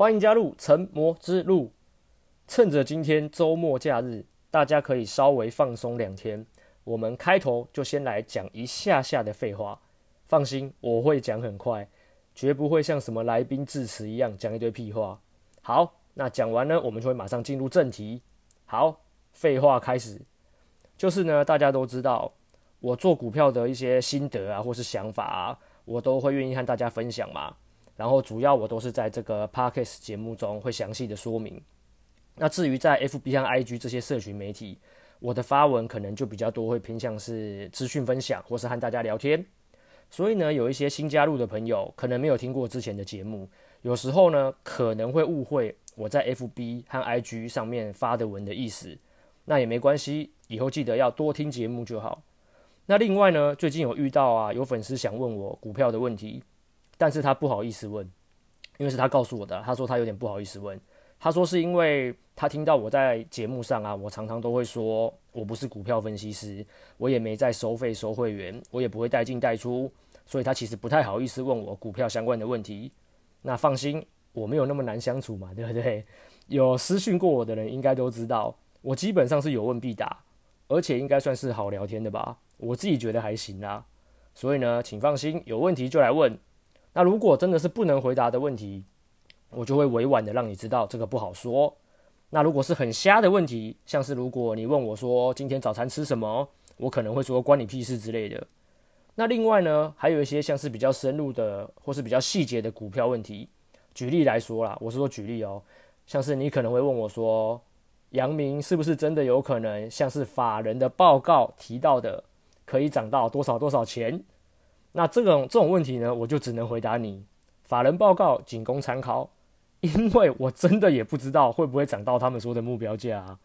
歡迎加入成魔之路。趁着今天週末假日，大家可以稍微放鬆兩天。我們開頭就先來講一下下的廢話。放心，我會講很快，絕不會像什麼來賓致辭一樣講一堆屁話。好，那講完呢，我們就會馬上進入正題。好，廢話開始，就是呢，大家都知道，我做股票的一些心得啊，或是想法啊，我都會願意和大家分享嘛。然後主要我都是在這個 Podcast 節目中會詳細的說明。那至於在 FB 和 IG 這些社群媒體，我的發文可能就比較多，會偏向是資訊分享或是和大家聊天。所以呢，有一些新加入的朋友可能沒有聽過之前的節目，有時候呢可能會誤會我在 FB 和 IG 上面發的文的意思。那也沒關係，以後記得要多聽節目就好。那另外呢，最近有遇到啊，有粉絲想問我股票的問題。但是他不好意思問，因為是他告訴我的。他說他有點不好意思問，他說是因為他聽到我在節目上啊，我常常都會說我不是股票分析師，我也沒在收費收會員，我也不會帶進帶出，所以他其實不太好意思問我股票相關的問題。那放心，我沒有那麼難相處嘛，對不對？有私訊過我的人應該都知道，我基本上是有問必答，而且應該算是好聊天的吧？我自己覺得還行啦、啊。所以呢，請放心，有問題就來問。那如果真的是不能回答的問題，我就會委婉的讓你知道這個不好說。那如果是很瞎的問題，像是如果你問我說今天早餐吃什麼，我可能會說關你屁事之類的。那另外呢，還有一些像是比較深入的或是比較細節的股票問題，舉例來說啦，我是說舉例哦、喔，像是你可能會問我說，陽明是不是真的有可能像是法人的報告提到的，可以漲到多少多少錢？那這種這種問題呢，我就只能回答你，法人報告僅供參考，因為我真的也不知道會不會漲到他們說的目標價啊。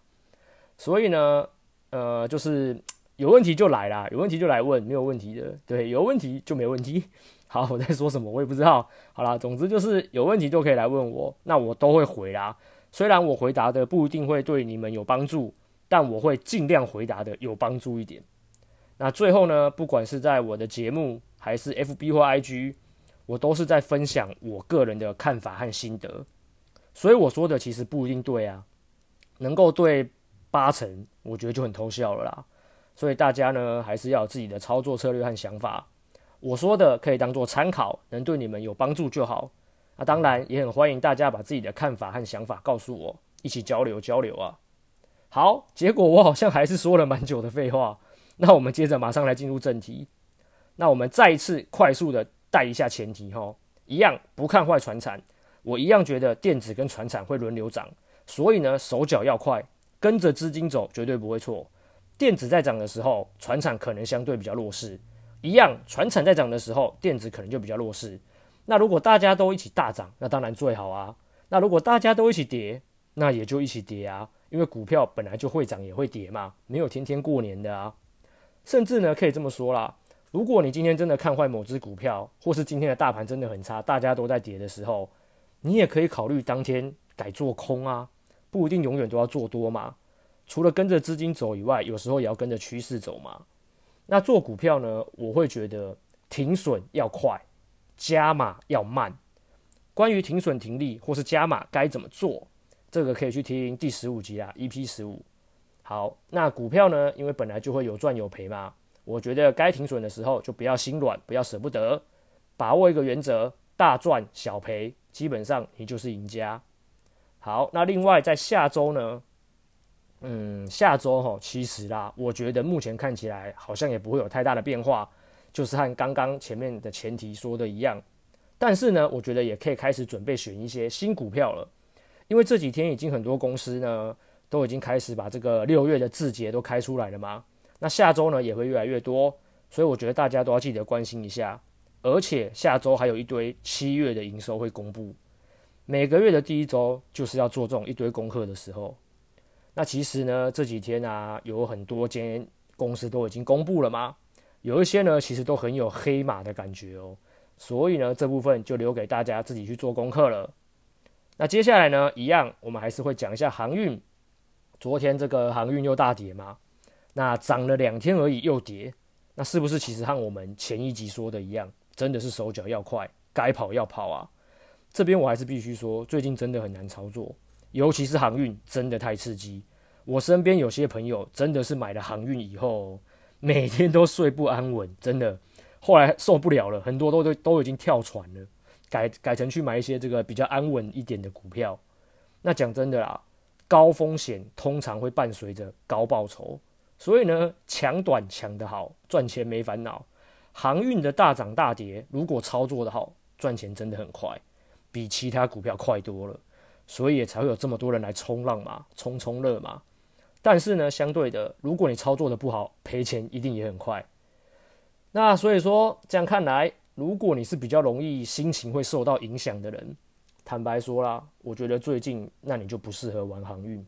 所以呢，呃，就是有問題就來啦，有問題就來問，沒有問題的，對，有問題就沒問題。好，我在說什麼我也不知道。好啦，總之就是有問題就可以來問我，那我都會回答，雖然我回答的不一定會對你們有幫助，但我會盡量回答的有幫助一點。那最後呢，不管是在我的節目。還是 FB 或 IG，我都是在分享我個人的看法和心得，所以我說的其實不一定對啊，能夠對八成，我覺得就很偷笑了啦。所以大家呢，還是要有自己的操作策略和想法，我說的可以當做參考，能對你們有幫助就好。那、啊、當然也很歡迎大家把自己的看法和想法告訴我，一起交流交流啊。好，結果我好像還是說了蠻久的廢話，那我們接着馬上來進入正題。那我們再一次快速的帶一下前提吼，一樣不看壞傳產，我一樣覺得電子跟傳產會輪流漲，所以呢，手腳要快，跟着資金走絕對不會錯。電子在漲的時候，傳產可能相對比較弱勢；一樣傳產在漲的時候，電子可能就比較弱勢。那如果大家都一起大漲，那當然最好啊。那如果大家都一起跌，那也就一起跌啊，因為股票本來就會漲也會跌嘛，沒有天天過年的啊。甚至呢，可以這麼說啦。如果你今天真的看壞某隻股票，或是今天的大盤真的很差，大家都在跌的時候，你也可以考慮當天改做空啊，不一定永遠都要做多嘛。除了跟着資金走以外，有時候也要跟着趨勢走嘛。那做股票呢，我會覺得停損要快，加碼要慢。關於停損停利或是加碼該怎麼做，這個可以去聽第十五集啦，EP 十五。好，那股票呢，因為本來就會有賺有賠嘛。我覺得該停損的時候就不要心軟，不要捨不得，把握一個原則，大賺小賠，基本上你就是贏家。好，那另外在下周呢，嗯，下周哈，其實啦，我覺得目前看起來好像也不會有太大的變化，就是和剛剛前面的前提說的一樣。但是呢，我覺得也可以開始準備選一些新股票了，因為這幾天已經很多公司呢都已經開始把這個六月的自結，都開出來了嘛。那下週呢也會越來越多，所以我覺得大家都要記得關心一下。而且下週還有一堆七月的營收會公布，每個月的第一週就是要做這種一堆功課的時候。那其實呢這幾天啊，有很多間公司都已經公布了嘛，有一些呢其實都很有黑馬的感覺哦。所以呢這部分就留給大家自己去做功課了。那接下來呢一樣，我們還是會講一下航運。昨天這個航運又大跌嘛。那漲了兩天而已，又跌，那是不是其實和我們前一集說的一樣，真的是手腳要快，該跑要跑啊？這邊我還是必須說，最近真的很難操作，尤其是航運真的太刺激。我身邊有些朋友真的是買了航運以後，每天都睡不安穩，真的。後來受不了了，很多都都都已經跳船了，改改成去買一些這個比較安穩一點的股票。那講真的啦，高風險通常會伴隨着高報酬。所以呢，搶短搶得好，賺錢沒煩惱。航運的大漲大跌，如果操作得好，賺錢真的很快，比其他股票快多了。所以也才會有這麼多人來衝浪嘛，衝衝樂嘛。但是呢，相對的，如果你操作得不好，賠錢一定也很快。那所以說，這樣看來，如果你是比較容易心情會受到影響的人，坦白說啦，我覺得最近，那你就不適合玩航運。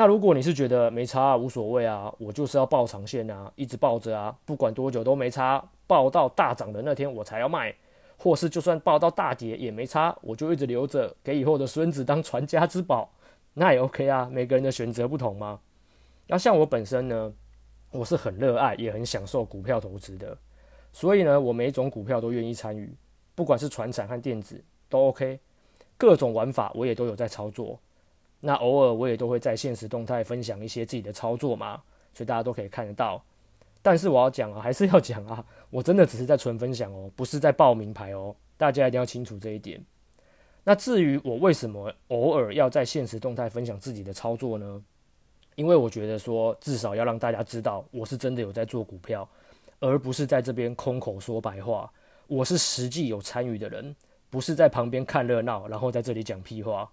那如果你是覺得沒差啊，無所謂啊，我就是要抱長線啊，一直抱着啊，不管多久都沒差，抱到大漲的那天我才要賣，或是就算抱到大跌也沒差，我就一直留着給以後的孫子當傳家之寶，那也 OK 啊。每個人的選擇不同嘛。那像我本身呢，我是很熱愛也很享受股票投資的，所以呢，我每一種股票都願意參與，不管是傳產和電子都 OK，各種玩法我也都有在操作。那偶爾我也都會在限時動態分享一些自己的操作嘛，所以大家都可以看得到。但是我要講啊，還是要講啊，我真的只是在純分享哦，不是在報明牌哦，大家一定要清楚這一點。那至於我為什麼偶爾要在限時動態分享自己的操作呢？因為我覺得說至少要讓大家知道我是真的有在做股票，而不是在這邊空口說白話。我是實際有參與的人，不是在旁邊看熱鬧，然後在這裡講屁話。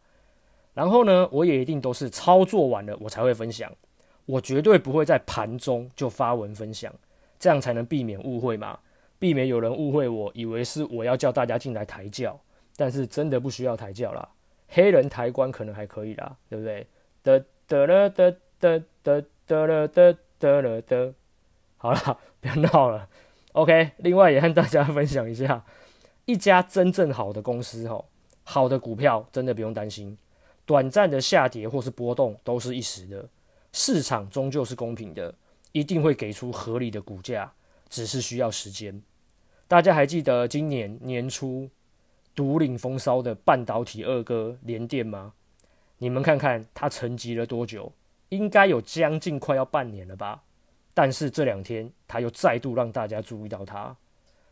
然後呢，我也一定都是操作完了我才會分享，我絕對不會在盤中就發文分享，這樣才能避免誤會嘛，避免有人誤會我以為是我要叫大家進來抬轎，但是真的不需要抬轎啦，黑人抬棺可能還可以啦，對不對？得得啦得得得得得得得啦得，好啦，不要鬧了。OK，另外也和大家分享一下，一家真正好的公司吼、哦，好的股票真的不用擔心。短暫的下跌或是波動都是一時的，市場終究是公平的，一定會給出合理的股價，只是需要時間。大家還記得今年年初獨領風騷的半導體二哥聯電嗎？你們看看他沉寂了多久，應該有將近快要半年了吧？但是這兩天他又再度讓大家注意到他。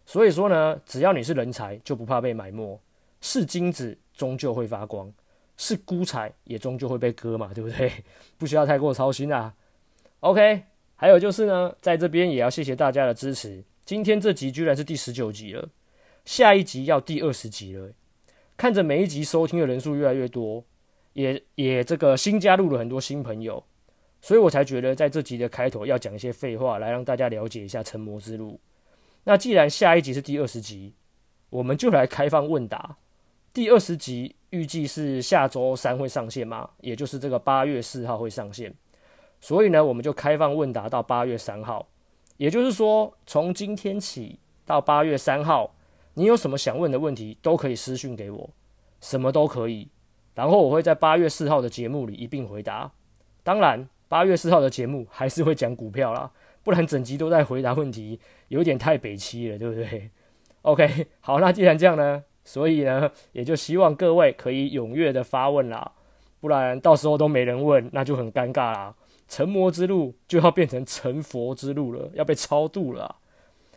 所以說呢，只要你是人才，就不怕被埋沒，是金子終究會發光。是孤財，也終究會被割嘛，對不對？不需要太過操心啦、啊。OK，還有就是呢，在這邊也要謝謝大家的支持。今天這集居然是第十九集了，下一集要第二十集了。看着每一集收聽的人數越來越多，也也這個新加入了很多新朋友，所以我才覺得在這集的開頭要講一些廢話，來讓大家了解一下成魔之路。那既然下一集是第二十集，我們就來開放問答。第二十集預計是下周三會上線嗎？也就是這個八月四號會上線，所以呢，我們就開放問答到八月三號，也就是說，從今天起到八月三號，你有什麼想問的問題都可以私訊給我，什麼都可以。然後我會在八月四號的節目裡一併回答。當然，八月四號的節目還是會講股票啦，不然整集都在回答問題，有點太北七了，對不對？OK，好，那既然這樣呢？所以呢，也就希望各位可以踴躍的發問啦，不然到時候都沒人問，那就很尷尬啦。成魔之路就要變成成佛之路了，要被超度了啊。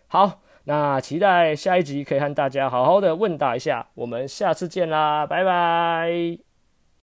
好，那期待下一集可以和大家好好的問答一下，我們下次見啦，拜拜。